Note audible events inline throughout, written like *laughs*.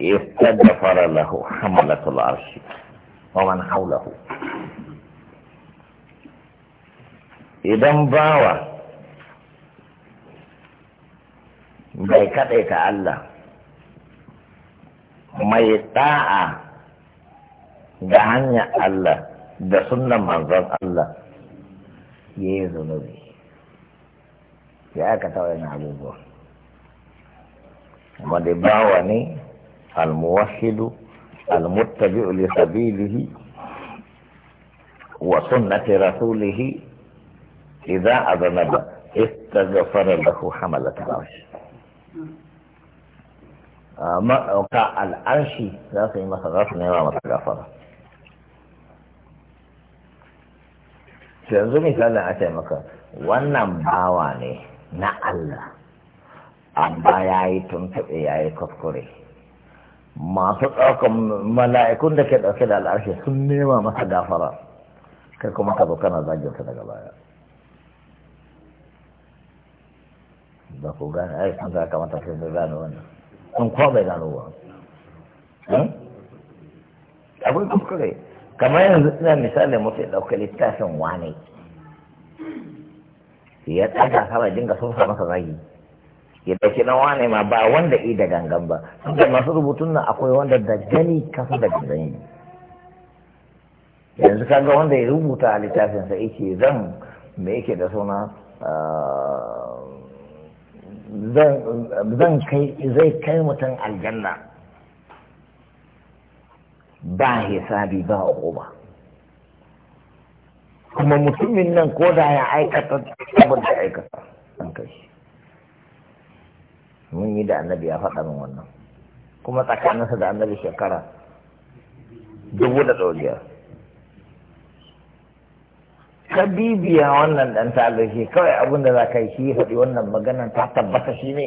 استدفر له حملة العرش ومن حوله idan bawa bai kaɗaita Allah mai ɗa'a da hanyar Allah da sunan manzon Allah ya yi zunubi ya aka tawaye na abubuwa wanda bawa ne الموحد المتبع لسبيله وسنة رسوله إذا أذنب استغفر له حملة العرش آه، موقع العرش لا في مسغف نعم مسغفرة yanzu misalin a ce maka wannan bawa ne na Allah amma ya yi tuntuɓe ya yi kuskure masu ɗaukan eh, mala'ikun da ke ɗauke da al'arshe sun nema masa gafara kai kuma ka zo kana zaginsa daga baya ba ku gane eh, ai sun zaka mata sai da gane wannan sun kuma bai gano ba abin kuskure kamar yanzu ina misali mutu ya ɗauka littafin wane ya ɗaga kawai dinga sosa masa zagi ya ɗauki na wane ma ba wanda i da gangan ba da masu rubutun nan akwai wanda da gani kasa da gangan yanzu kaga wanda ya rubuta a littafinsa yake zan me yake da suna ah, zan kai zai kai mutum aljanna ba hisabi ba uquba kuma mutumin nan ko da ya aikata abin da aikata an kai mun yi da annabi ya faɗa min wannan kuma tsakaninsa da annabi shekara dubu da ɗoriya ka bibiya wannan ɗan talibi kawai abin da za ka yi shi faɗi wannan maganan ta tabbata shi ne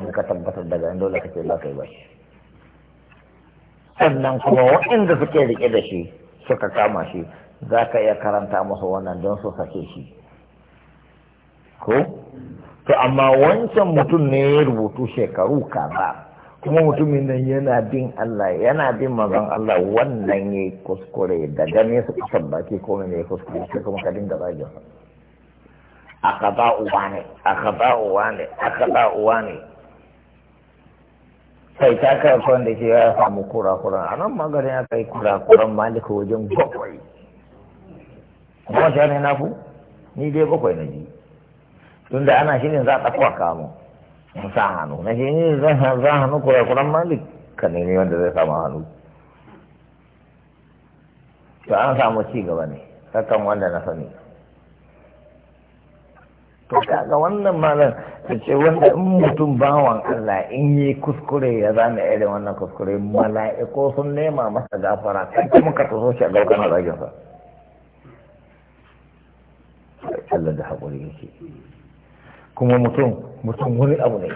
in ka tabbatar daga dole ka ce za ka yi ba shi sannan kuma waɗanda suke riƙe da shi suka kama shi za ka iya karanta musu wannan don su sake shi ko to amma wancan mutum ne ya rubutu shekaru kaza kuma mutumin nan yana bin Allah yana bin mazan Allah wannan ya yi kuskure da gane su kusan baki ko ne ya kuskure sai kuma ka dinga zagin a kaza uwa ne a kaza uwa ne a kaza uwa ne sai ta karfi wanda ke ya samu kura a nan maganin ya kai kura malika wajen bakwai kuma shi ne na fu ni dai bakwai na ji tunda ana shirin za a ɗauko kamo mu sa hannu na shi eh, ne zan za hannu kurakuran malik ka nemi wanda zai samu hannu to an samu ci gaba ne sakan wanda na sani to kaga wannan malam ta ce wanda in mutum bawan Allah in yi kuskure ya zama irin wannan kuskure mala'iko sun nema masa gafara kai kuma ka taso shi a gaukan rajinsa Allah da haƙuri yake kuma mutum mutum wani abu ne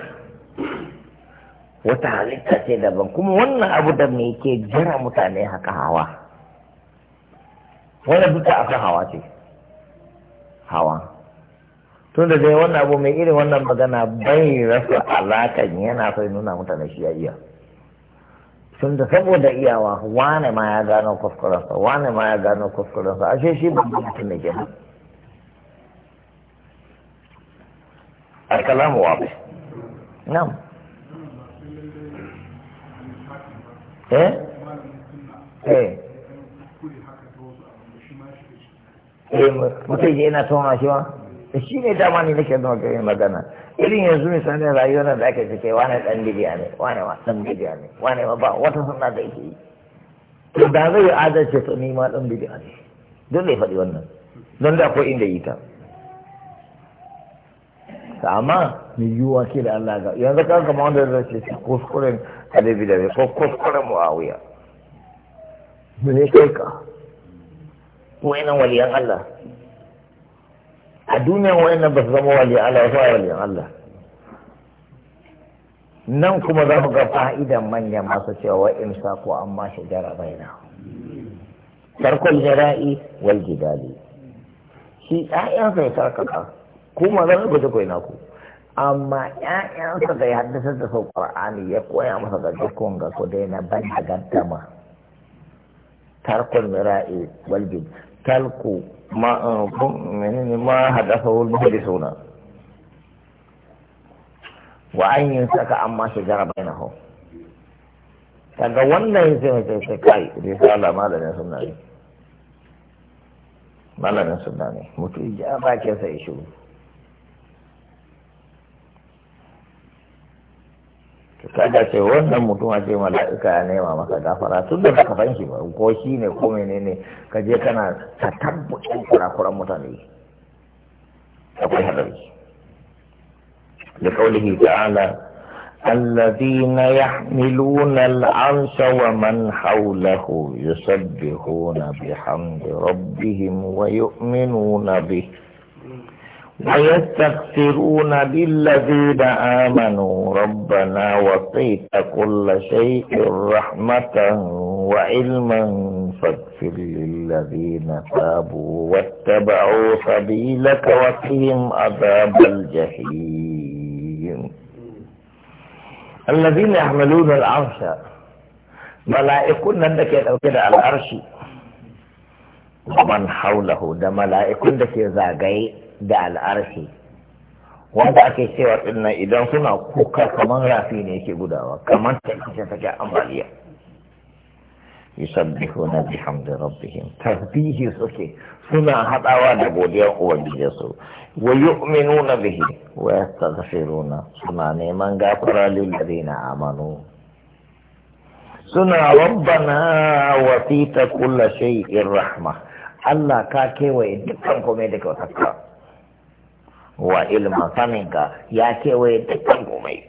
wata halitta ce daban kuma wannan abu da mai ke jira mutane haka hawa wani duka akan hawa ce hawa tun da dai wannan abu mai irin wannan magana bai rasa alakan yana sai nuna mutane shi ya iya tun da saboda iyawa wane ma ya gano kuskurensa wane ma ya gano kuskurensa ashe shi babban mutum ne ke الكلام واضح نعم ايه ايه mutum je yana tona shi ma shi ne dama ne nake zama gari magana irin yanzu misalin rayuwar da aka ce wane dan bidiya ne wane ma dan bidiya ne wane ma ba wata suna da yake yi to da zai adalce to ni ma dan bidiya ne don ne faɗi wannan don da akwai inda yi ta amma ni yiwuwa ke da Allah ga yanzu kan kama wanda zai ce shi kuskuren alibi da ko kuskuren muawiya mu ne kai ka nan waliyan Allah a duniyan nan ba su zama waliyan Allah ba su waliyan Allah nan kuma za mu ga fa'idan manyan masu cewa in sa ko amma shajara baina tarkul jara'i wal gidali shi ƴaƴansa ya sarkaka ku ma zan ku koyi ku? amma ƴaƴansa da ya haddasa da sau qur'ani ya koya masa da dukkan ga ku na ban da gaddama tarkon mira'i wal talku ma eh, menene ma haddasa wal muhdisuna wa an saka amma shajara bainahum daga wannan sai mai sai kai risala malamin sunna ne malamin sunna ne mutu ya ke sai shiru kada ce wannan mutum a ce mala'ika ya nema maka gafara tun da ka fanki ba ko shi ne ko ne ka je kana ta tabbucin kurakuran mutane akwai hadari da kaulihi ta'ala الذين يحملون العرش ومن حوله يسبحون بحمد ربهم ويؤمنون به ويستغفرون للذين آمنوا ربنا وقيت كل شيء رحمة وعلما فاغفر للذين تابوا واتبعوا سبيلك وقهم عذاب الجحيم الذين يحملون العرش ملائكون عندك كده على العرش ومن حوله ده ملائكون ده زاغيه da al'arshi wanda ake cewa dinnan idan suna kuka kamar rafi ne yake gudawa kamar ta ta ga ambaliya yusabbihuna bihamdi rabbihim tasbihi suke suna hadawa da godiyar su wa yu'minuna bihi wa yastaghfiruna suna neman gafara lil ladina amanu suna rabbana wa fita kulla shay'in rahma Allah ka kewaye dukkan komai da kyautarka wa ilma saninka ya kewaye dukkan komai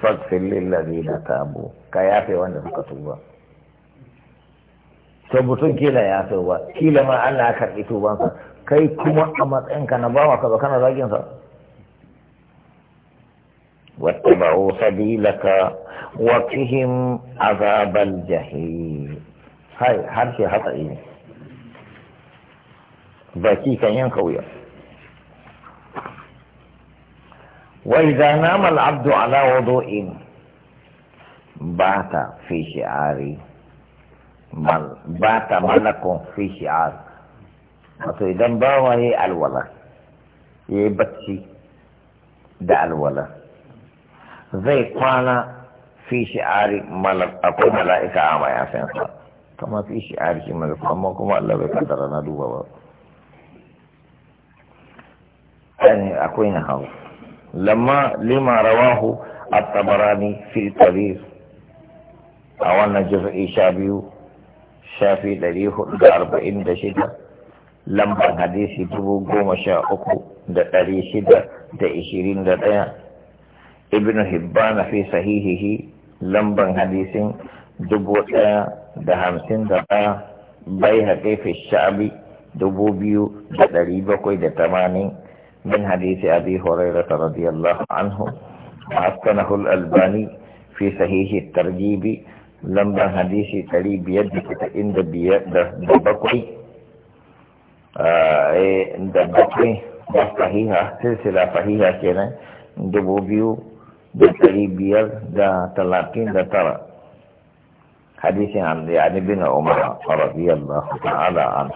faghfir lil ladina tabu ka yafe wanda suka tuba to mutum kila ya fi ba kila ma Allah ya karɓi tubansa kai kuma a matsayinka na bawa ka ba kana zagin sa azabal jahim Hai har shi hatsari ne. Baki kan yanka ينقوي وإذا نام العبد على وضوء بات في شعار بل بات ملك في شعار إذا باوه الولا يبكي دا الولا زي قال في شعار ملك أقول ملائكة عام يا سنسا كما في شعار ملك أما كما الله بقدرنا دوبا أنا أقول lamma lima rawahu at-tabarani fi tarikh a wannan jiri sha biyu hadisi dubu goma sha da ɗari ishirin da ɗaya ibn hibbana fi sahihihi lamban hadisin dubu da hamsin da ɗaya bai haƙe fi sha'abi dubu ɗari bakwai da tamanin من حديث أبي هريرة رضي الله عنه حسنه الألباني في صحيح الترجيب لما حديث تلي بيدك عند بقي عند بقي آه، إيه، صحيحة سلسلة صحيحة كنا دبوبيو بتلي بيد دا تلاتين دا ترى حديث عن يعني بن عمر رضي الله تعالى عنه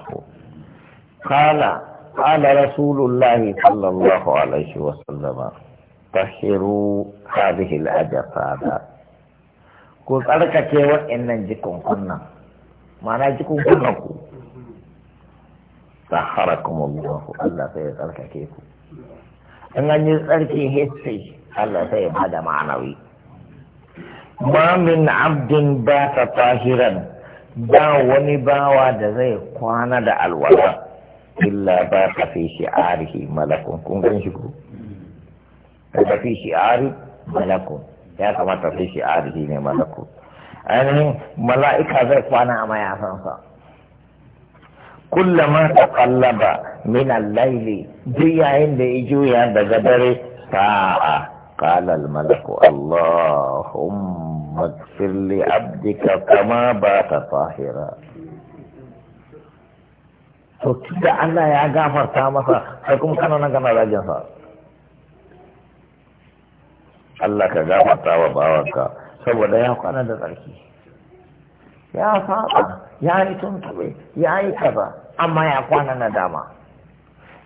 قال قال رسول الله صلى الله عليه وسلم طهروا هذه الأجساد ku tsarkake waɗannan jikunkunan ma'ana jikunkunan ku saharakumullahu Allah sai ya tsarkake ku in an tsarki hisse Allah sai ya bada ma'anawi ma abdin ba ta tahiran ba wani bawa da zai kwana da alwala illa ba ka fi shi'arihi malakun kun gan shi ko ba fi shi'ari malakun ya kamata fi shi'arihi ne malakun ainihin mala'ika zai kwana a mayafansa kullama ta kallaba min al-laili duk yayin da ya juya daga dare sa'a قال الملك اللهم اغفر لعبدك كما بات طاهرا to tunda Allah ya gafarta masa sai kuma kana nan kana rajin sa Allah ka gafarta wa bawanka saboda ya kwana da tsarki ya saba ya yi tuntube ya yi kaza amma ya kwana na dama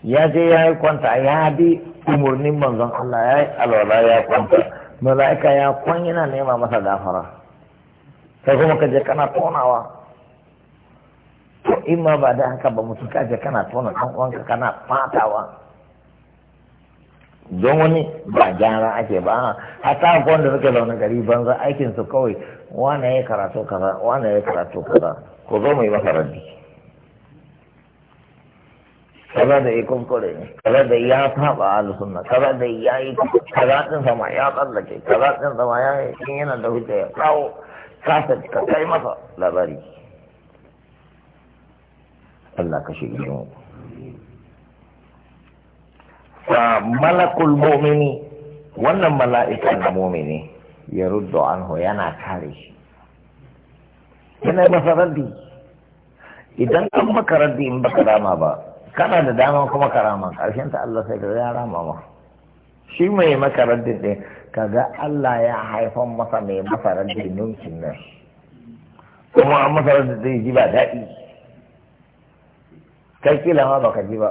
ya je ya yi kwanta ya bi umarnin manzon Allah ya yi alwala ya kwanta mala'ika ya kwan yana nema masa gafara sai kuma ka je kana tonawa in ma ba da haka ba mutum kaje kana tona ɗan uwanka kana fatawa don wani ba gyara ake ba hata ko wanda suke zaune gari banza aikin su kawai wane ya karatu kaza wane ya karatu kaza ko zo mai maka rabbi kaza da ya kunkure ne kaza da ya saba a sunna kaza da ya yi kaza din sama ya tsallake kaza din sama ya yi in yana da hujja ya kawo kasa ka kai masa labari Allah ka shirye mu fa malakul mu'mini wannan mala'ika na mu'mini ya ruddu anhu yana kare shi yana masa raddi idan an maka raddi in baka rama ba kana da dama kuma karama karshen ta Allah sai ya rama ma shi mai maka ne? din kaga Allah ya haifan masa mai masa raddi nunkin nan kuma an masa raddi zai ji ba daɗi kai kila ma baka ji ba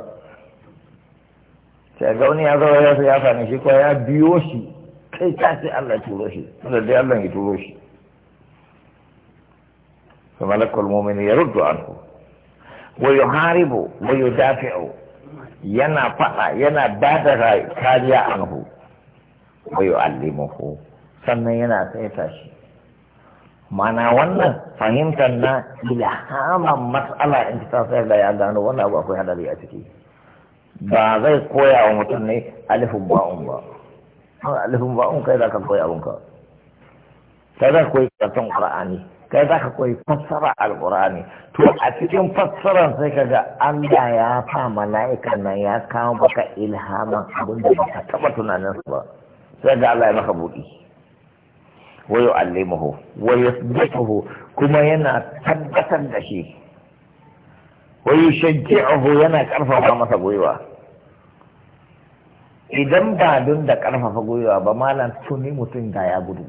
sai ga wani ya zo ya ya same shi ko ya biyo shi kai ka ce Allah turo shi tunda dai Allah ya turo shi fa malakul mu'min yaruddu anhu wa yuharibu wa yudafi'u yana fada yana bada kariya anhu wa yu'allimuhu sannan yana saita shi mana wannan fahimtar na ilhaman matsala in ta sayar da ya gano wannan abu akwai hadari a ciki ba zai koya wa mutum ne alifin ba'un ba alifin ba'un kai za ka koyi abun ka kai za ka koyi karatun ƙura'ani kai za ka koyi fassara alqur'ani to a cikin fassara sai ka ga Allah ya fa mala'ika nan ya kawo maka ilhaman abin da ba ka taba tunanin ba sai ga Allah ya maka buɗi wa allimahu wa yuthbituhu kuma yana tabbatar da shi wayo yushajji'uhu yana karfafa masa gwiwa idan ba don da karfafa gwiwa ba malam tuni mutum da ya gudu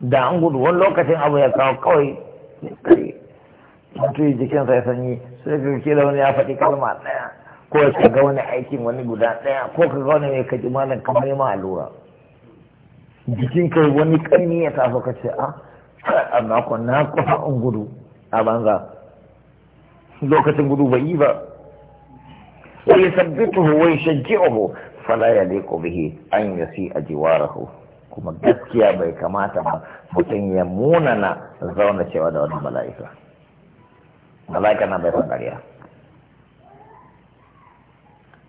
da an gudu wani lokacin abu ya kawo kawai yi jikinsa ya sanyi sai ka da wani ya faɗi kalma ɗaya ko ka ga wani aikin wani guda ɗaya ko ka ga wani mai kaji malam kamar ma allura jikin kai wani kanni ya tafi ka ce ah, a a makon na kuma in gudu a banza lokacin gudu bai yi ba wai sabbituhu wai falaya fala ko bihi an yasi a jiwarahu kuma gaskiya bai kamata ba mutum ya munana zauna cewa da wani mala'ika mala'ika na bai san ƙarya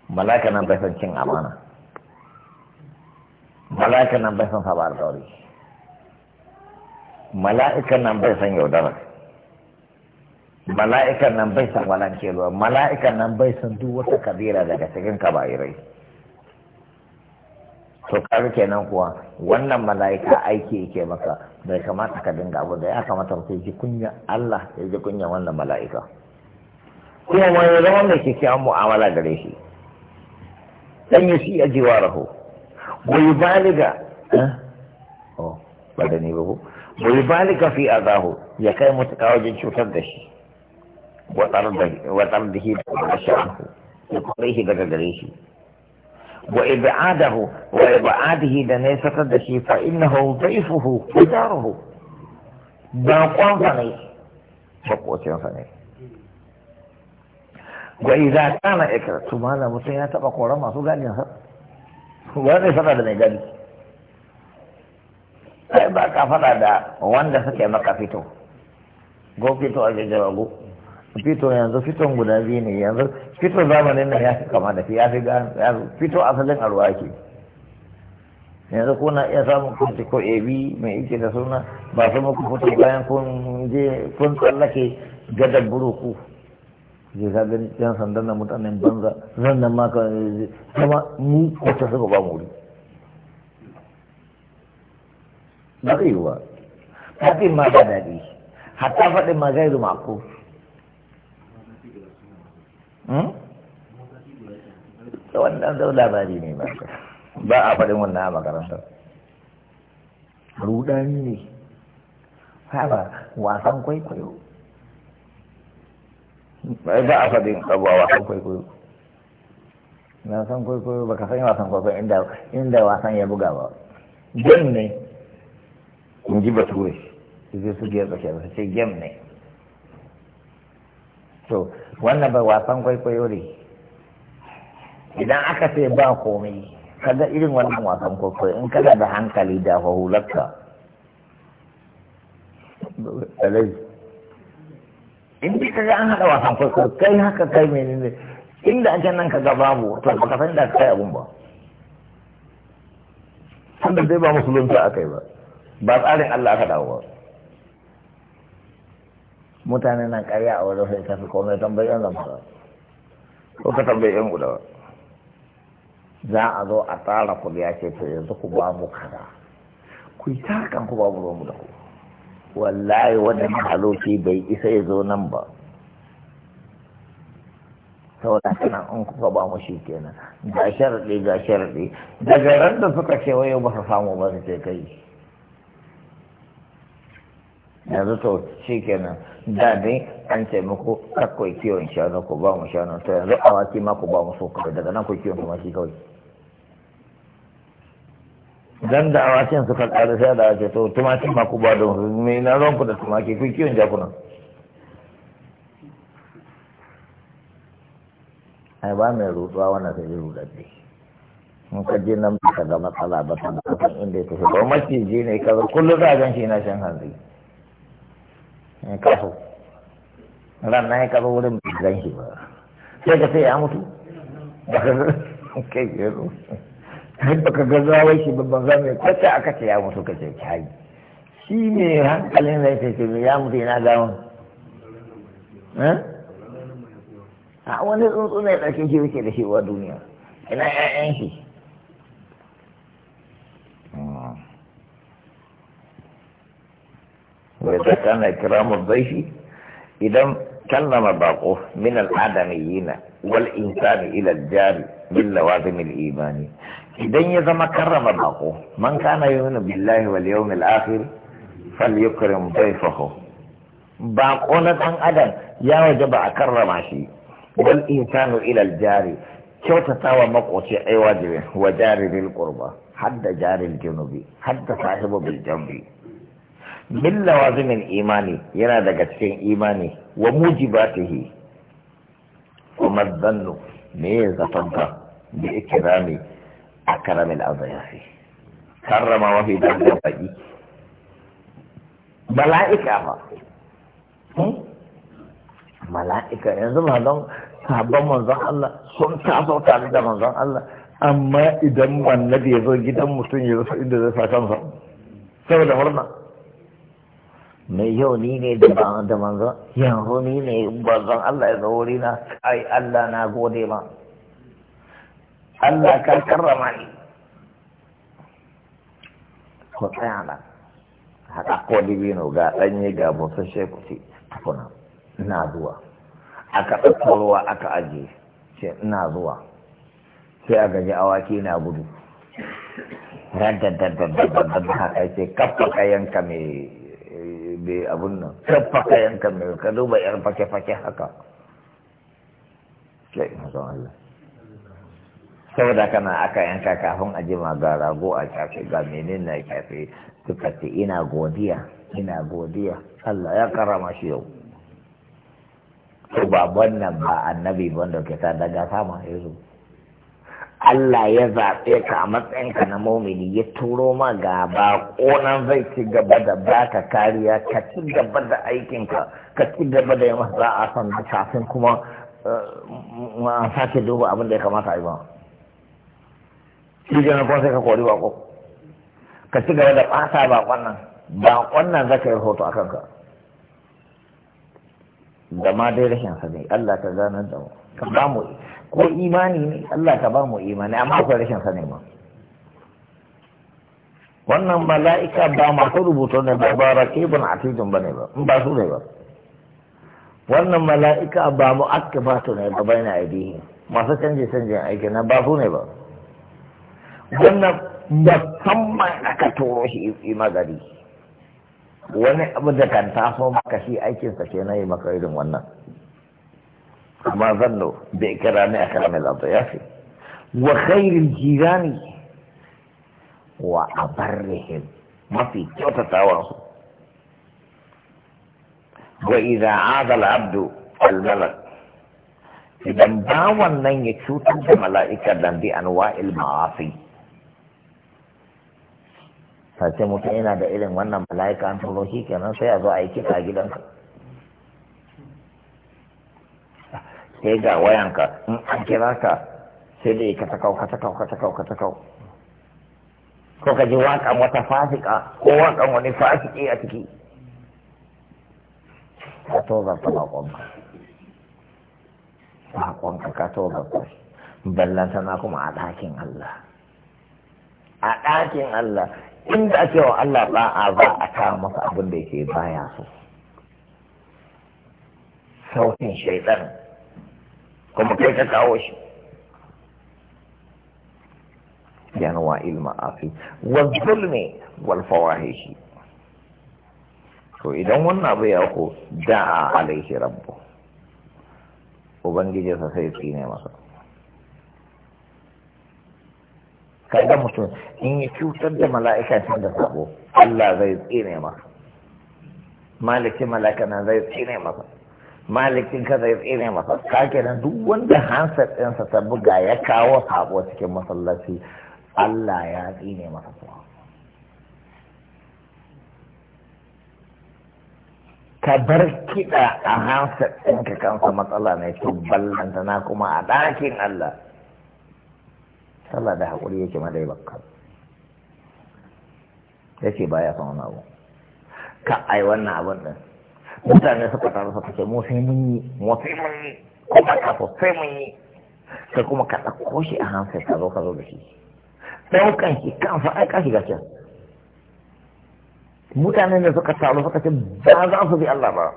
mala'ika na bai san cin amana mala'ika nan bai san saba alƙawari mala'ika nan bai san yaudara mala'ika nan bai san walankewa mala'ika nan bai san duk wata kabira daga cikin kabairai to kaga kenan kuwa wannan mala'ika aiki yake maka bai kamata ka dinga abu da ya kamata ka ji kunya Allah ya ji kunya wannan mala'ika kuma wani zama mai kyakkyawan mu'amala gare shi dan yi shi a jiwarahu bai baliga eh? oh ba da ni ba ko bai baliga fi azahu ya kai mutuka wajen cutar da shi watsar da shi da sha'ahu ya kore shi daga gare shi wa ibadahu wa ibadihi da ne sakar da shi fa innahu dhaifuhu wa daruhu ba kwanfa ne ba kocinsa ne wa idza kana ikra to malamu sai ya taba koran masu ganin sa ba zai fada da mai gari Ai ba ka fada da wanda suke maka fito go fito a jajawa go fito yanzu fiton guda biyu ne yanzu fito zamanin nan ya fi kama da ya fi fito asalin arwa ke yanzu kuna iya samun kunci ko ebi mai ike da suna ba su muku fito bayan kun je kun tsallake gadar buruku je ka gani yan sandan na mutanen banza zan nan ma ka zama mu wata suka ba mu wuri ba zai yi ba haɗe ma da daɗi hatta faɗin ma zai zuma ko hmm? wannan zau labari ne ba ba a faɗin wannan a makaranta rudani ne haba wasan kwaikwayo bai ba a faɗin abuwa wasan kwaikwayo na san kwaikwayo ba ka san wasan kwaikwayo inda inda wasan ya buga ba gem ne in ji bature su je su giyar tsakiyar su ce gem ne to wannan ba wasan kwaikwayo ne idan aka ce ba komai kaga irin wannan wasan kwaikwayo in kana da hankali da hularka in dai ga an haɗa wasan farko kai haka kai menene inda ake nan kaga babu to ka san da kai abun ba tunda dai ba musulunta kai ba ba tsarin Allah aka dawo ba mutane na karya a wajen sai tafi komai tambayi yan zamfara ko ka tambayi yan gudawa za a zo a tsara ku ya ce to yanzu ku ba mu kaza ku yi takan ku ba mu ruwan mu da ku wallahi wanda mahaloci bai isa ya zo nan ba saboda kana in kuka ba mu shi kenan ga sharɗi ga sharɗi daga ran da suka ce wayo ba su samu ba su ce kai yanzu to shi kenan da dai an ce muku kakwai kiwon shanu ku ba mu shanu to yanzu awaki ma ku ba mu so daga nan ku kiwon kuma shi kawai dan da awakin suka ƙara sai da ake to tumakin ma ku ba da me na ku da tumaki ku kiyon jakuna ai ba mai rutuwa wannan sai rudadde in ka je nan ka ga matsala ba ta da kan inda ya tafi ba je ne ka kullum za a gan shi na shan hanzu in eh, ka so ranar ya kafa wurin bai gan shi ba sai ka sai ya mutu ba *laughs* ka kai ke har ka ga wai shi babban zama ya kwace aka kace ya mutu kace kai shi ne hankalin zai ce ce ya mutu ina gawon eh? a wani tsuntsu ne ɗauke shi wuce da shi wa duniya ina ƴaƴan shi hmm. wai ta kana kira mu zai shi idan كلم باقوه من الآدميين والإنسان إلى الجار من لوازم الإيمان إذن يزم كرم باقوه من كان يؤمن بالله واليوم الآخر فليكرم ضيفه باقونا عن أدم يا وجب أكرم شيء والإنسان إلى الجار كيف تتاوى makoci أي واجب وجار jariril حد جار الجنوبي حد hadda بالجنبي من لوازم الإيماني lawazimin imani إيماني wa mujibatihi wa zannu me ya zafanka bi ikrami a al azayafi karrama mafi dangar baki mala'ika ba hmm? mala'ika yanzu ma don sabon manzon Allah sun taso tare da manzon Allah amma idan da ya zo gidan mutum ya zo inda zai sa kansa saboda murna mai yau ni ne da ba da manzo yanzu ni ne bazan Allah ya zo na ai Allah na gode ma Allah ka karrama ni ko tsaya na haka ko dibino ga danye ga busasshe ku ce kuna ina zuwa aka ɗauko ruwa aka ajiye ce ina zuwa sai a gaji awaki na gudu radda da da da da haka ce kafa kayanka mai da abun nan tabbaka yankan mai ka duba yar fake-fake haka ke ina son Allah saboda kana aka yanka kafin a jima ga rago a kyafe ga menene na kyafe suka ce ina godiya ina godiya Allah ya karama shi yau to babban nan ba annabi ban ke ta daga sama yazo Allah ya zaɓe ka a matsayinka na momini ya turo ma gaba ƙonan zai ci gaba da baka kariya ka ci gaba da aikinka ka ci gaba da yamma za a san kafin kuma eh, ma sake duba abin da ya kamata a yi ba shi na kuma sai ka kori bako ka ci gaba da ɓata bakon nan bakon nan za ka yi hoto a kanka gama dai rashin sani Allah ka gane da mu ka mu ko imani ne Allah ka ba mu imani amma akwai rashin sanin ma wannan mala'ika ba masu rubutu ne ba ba rakibun atidun ba ne ba in ba su ne ba wannan mala'ika ba mu akibatu ne ba bai na aidihi masu canje canje aiki na ba su ne ba wannan musamman aka turo shi magari wani abu da kan taso maka shi aikinsa ke na yi maka irin wannan ما ظنوا بإكرام أكرم الأضياف وخير الجيران وأبرهم ما في جوتة تواصل وإذا عاد العبد الملك إذا باوا من يكسوت الملائكة دم بأنواع المعاصي فسيموتين هذا إلم وأن الملائكة أنتم روحي كنا سيأذوا أي كتاب sai ga wayanka in an kira ka sai dai ka takau ka takau ka takau ka takau ko ka ji waƙan wata fasika ko waƙan wani fasiki a ciki ka tozarta baƙonka baƙonka ka tozarta shi ballan sana kuma a ɗakin Allah a ɗakin Allah inda ake wa Allah a za a kawo masa abin da yake baya so sautin shaidan kuma kai ka kawo shi yanwa ilma afi wal zulmi wal fawahishi to idan wannan abu ya ko da'a alaihi rabbu ubangiji sa sai tsine masa kaga mutum in ya cutar da mala'ika can da sabo Allah zai tsine masa maliki malaka na zai tsine masa malikin kasa ya tsere masa kake nan duk wanda hansa ɗinsa ta buga ya kawo sabo cikin masallaci Allah ya tsine masa kuma ka bar kiɗa a hansa ɗinka kansa matsala ne to ballanta na kuma a ɗakin Allah sallah da haƙuri yake madai bakka yake baya son wani abu ka ai wannan abin ɗin mutane suka taru suka ce mu sai mun yi mu sai mun yi kuma ka so sai mun yi sai kuma ka ɗauko shi a hansa ka zo ka zo da shi ɗaukan shi kansa ai ka shiga can mutane ne suka taru suka ce ba za su bi Allah ba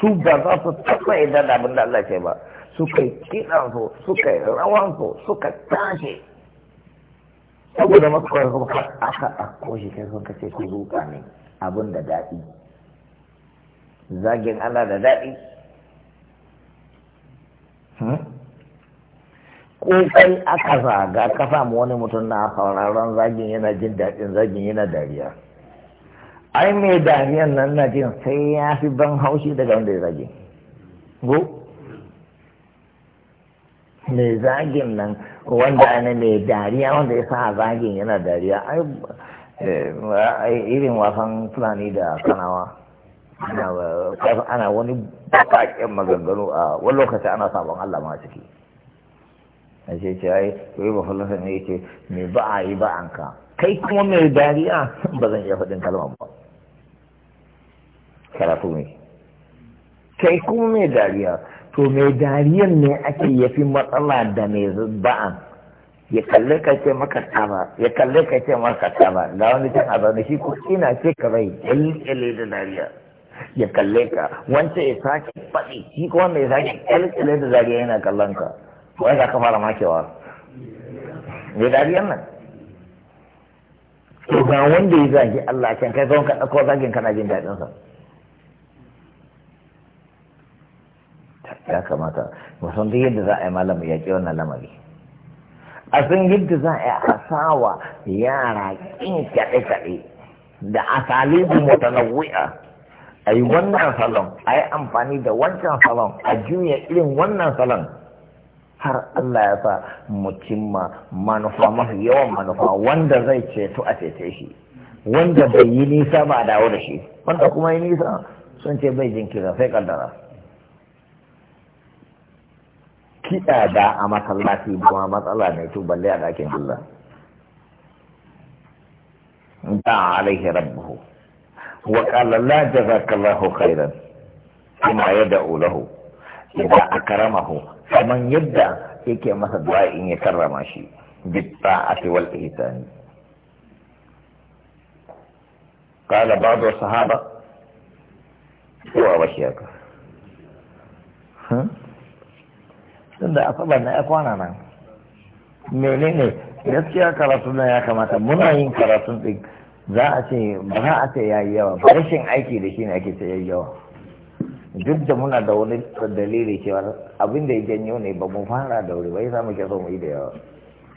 su ba za su taɓa yadda da abin da Allah ce ba suka yi su suka yi rawansu suka tashi saboda masu kawai kuma aka ɗauko shi kai sun ce ku zuƙa ne abun da daɗi zagin Allah da daɗi ko hmm? aka zaga ka samu wani mutum na sauraron zagin yana jin daɗin zagin yana dariya ai mai dariyan nan na jin sai ya fi ban haushi daga wanda ya zagin go mai zagin nan wanda ne mai dariya wanda ya sa zagin yana dariya ai Eh, irin wasan fulani da kanawa ana wani bakaƙen maganganu a wani lokaci ana sabon Allah ma ciki a ce ce ai kai ba falasa ne yake me ba a yi ba an ka kai kuma mai dariya ba zan iya faɗin kalmar ba karatu ne kai kuma mai dariya to mai dariyan ne ake yafi matsala da mai ba'an ya kalle ka ce maka tama ya kalle ka ce maka tama ga wani can a zaune shi ko ina ce ka bai kyalkyale da dariya ya kalle ka wance ya sake faɗi shi ko wanda ya sake kyalkyale da dariya yana kallon ka ko ya ka fara makewa me dariyar nan to ga wanda ya zage Allah can kai kawai ka ɗauko zagin kana jin daɗin sa ya kamata musan duk yadda za a yi malamu ya ƙi wannan lamari a san yadda za a asawa yara kin kaɗe-kaɗe da asalibu mutanawwi'a a yi wannan salon a yi amfani da wancan salon a juya irin wannan salon har Allah ya sa cimma manufa mafi yawan manufa wanda zai ceto a cece shi wanda bai yi nisa ba a dawo da shi wanda kuma yi nisa sun ce bai jinkira sai kaddara kiɗa da a masallaci kuma matsala ne to balle a ɗakin Allah da alaihi rabbuhu wa qala la jazakallahu khairan kuma ya yad'u lahu idza akramahu kaman yadda yake masa du'a in ya karrama shi bitta ati wal ihsan qala ba'du sahaba huwa bashiyaka huh? tunda saba na ya kwana nan menene gaskiya karatu na ya kamata muna yin karatu din za a ce ba za a ce ya yi yawa ba rashin aiki da shi ne ake ce ya yi yawa duk da muna da wani dalili cewa abin da ya janyo ne ba mu fara da wuri ba za mu ke so mu yi da yawa